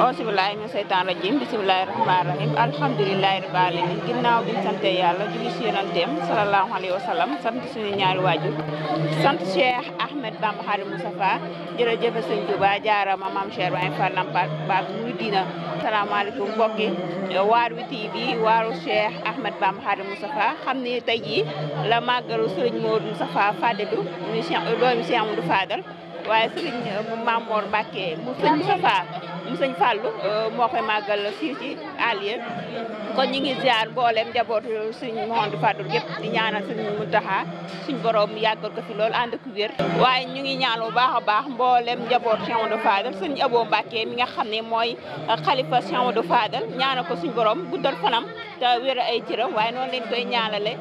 auzu billaahi mina seytaan rajim bismillaahi rahmaani rahim alhamdulillaahi rabbil aalamiin ginnaaw bi ñu sante yàlla julli ci yonanteem salallaahu alayhi wa sallam sant suñu ñaari waajur sant Cheikh Ahmed Bamba Xaadimu Mustafaa jërëjëf sëñ Tuubaa jaarama maam Cheikh Ibrahima Fall Lampa Baab muy diina salaamaaleykum mbokki Waarwi TV waaru Cheikh Ahmed Bamba Xaadimu Mustafaa xam ne tey jii la màggalu sëriñ Moodu Mustafaa Fadilu muy Cheikh doomi Cheikh Amadou Fadal waaye sëriñ Maam Mor Mbàkke mu sëriñ Mustafaa mu sëñ Fallou euh, moo koy màggal fii ci Allier kon ñi ngi ziar mboolem njabootu suñ Mouhamadou Fadul yëpp di ñaana suñ Muntaxa suñ borom yàggal ko fi lool ànd ak wér waaye ñu ngi ñaan bu baax a baax mboolem njaboot Cheikh Amadou Fadal suñ Abo Mbacke mi nga xam ne mooy euh, xalifa Cheikh Amadou Fadal ñaanal ko suñ boroom guddal fanam te wér ay cëram waaye noonu leen koy ñaanale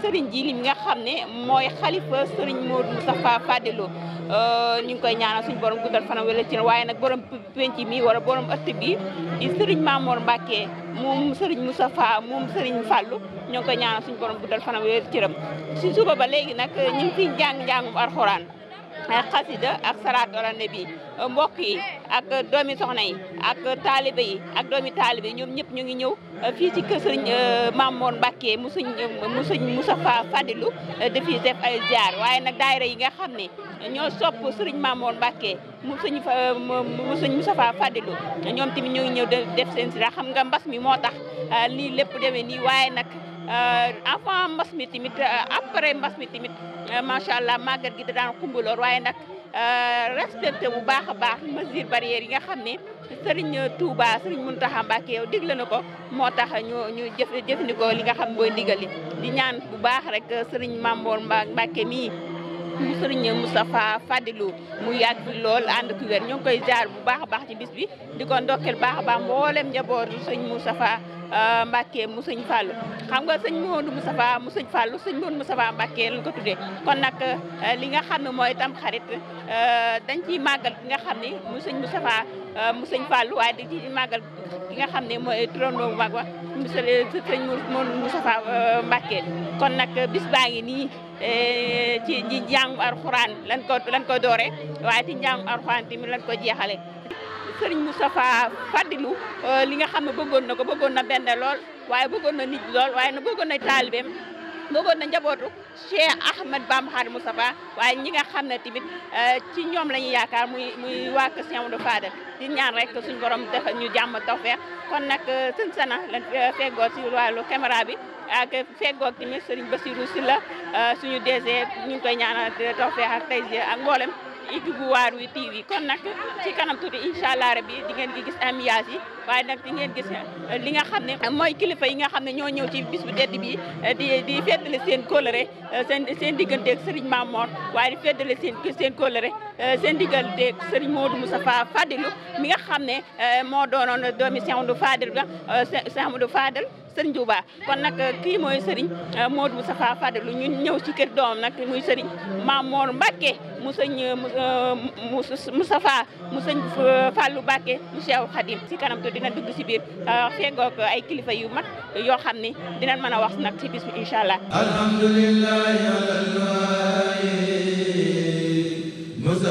sëriñ ji li mi nga xam ne mooy xalifa sëriñ Mourou Moustapha Fadilou Euh, ñu ngi koy ñaanal suñu borom guddal fanam wala ci waaye nag borom penc mi wala borom ëtt bi di sëriñ Mamour Mbacke moom sëriñ Moustapha moom sëriñ Fallou ñu ngi koy ñaanal suñu borom guddal fanam wala ci rëm si suba ba léegi nag ñu ngi ciy jàng njàngum alxuraan xasida ak salaatu ala nabi mbokk yi ak doomi soxna yi ak taalibe yi ak doomi taalibe yi ñoom ñëpp ñu ngi ñëw fii ci kër sëñ euh, Mamour Mbacke mu sëñ mu sëñ Moussa Fadilu euh, dafi def ay ziar waaye nag daayira yi nga xam ne ñoo sopp sëriñ Mamour Mbacke mu sëñ mu sëñ Moussa Fadilu ñoom tamit ñu ngi ñëw def seen ziar xam nga mbas mi moo tax euh, lii lépp deme nii waaye nag Euh, avant mbas mi tamit euh, après mbas mi tamit euh, macha allah màggat gi da daan kumbaloor waaye nag respecté bu baax a baax mesure barrière yi nga xam ne Serigne Touba Serigne Mountakha Mbacké yow digle na ko moo tax ñu ñu jëf jëfandikoo li nga xam mooy ndigal di ñaan bu baax rek Serigne Mame Mor Mbacké mii. sëriñ Moustapha Fadilou mu yàgg bi lool ànd ku wér ñu ngi koy jaar bu baax a baax ci bis bi di ko ndokkeel baax a baax mboolem njabootu sëñ Moustapha euh, Mbacke mu sëñ Fallou xam nga sëñ Modou Moustapha mu sëñ Fallou sëñ Modou Moustapha Mbacke lañ ko kon nag euh, li nga xam ne mooy tam xarit euh, dañ ciy màggal ki nga xam ne mu sëñ Moustapha mu sëñ Fallou waaye dañ ciy nga xam ne mooy turandoo bu mag wa sëñ Modou Moustapha Mbacke kon nag bis nii Eh, ci ci njàngu alxuraan lan ko lan ko doore waaye ci njàngu alxuraan tamit lan ko jeexale sëriñ Moustapha Fadilou eh, li nga xam ne bëggoon na ko bëggoon na bende lool waaye bëggoon na nit lool waaye na bëggoon na taalibeem bëggoon na njabootu Cheikh Ahmed Bamba Khadimou Moustapha waaye ñi nga xam ne tamit euh, ci ñoom la ñu yaakaar muy muy waa kër Cheikh Amadou Fadal di ñaan rek suñu borom defal ñu jàmm tawfeex kon nag sëñ Sana la feggoo si wàllu caméra bi ak feggoo tamit Serigne Bassirou Sylla euh, suñu DG ñu ngi koy ñaanal tawfeex ak tey ak mboolem équipe Waarwi TV kon nag ci kanam tuuti incha allah rabi di ngeen gi gis ambiance yi waaye nag dingeen ngeen gis eh, li nga xam ne mooy kilifa yi nga xam ne ñoo ñëw ci bis bu tedd bi eh, di di le seen kóllëre eh, seen seen digganteeg Serigne Mamor waaye di le seen seen kóllëre Euh, seen digganteeg Serigne Modou Moustapha Fadilou mi nga xam ne euh, moo doonoon doomi Cheikh Amadou Fadil la euh, Cheikh Amadou Fadil Serigne Touba kon nag kii mooy Serigne Modou Moustapha Fadilou ñun ñëw ci kër doomam nag muy Serigne Mamour Mbacké mu sëñ Moustapha mu sëñ Fallou Mbacké mu Cheikh Khadim si kanam tu dina dugg si biir feggoog ay kilifa yu mag yoo xam ni dinañ mën a wax nag si bis bi incha allah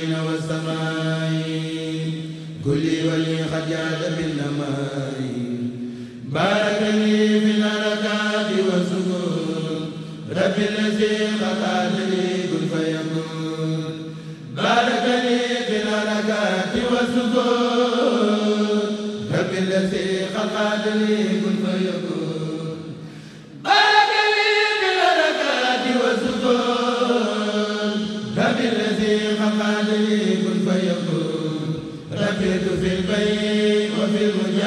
والبين والسماء كل ولي قد جاد بالنماء بارك لي في الحركات والسكون رب الذي خلق لي كن فيكون بارك لي في الحركات والسكون رب الذي خلق لي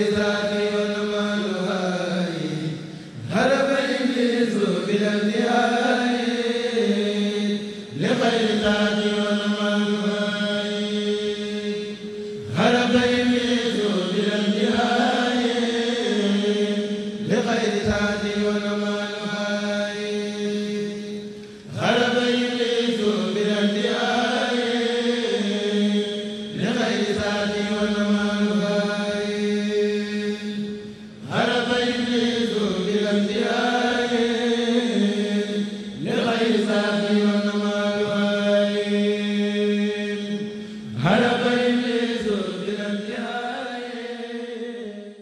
إذا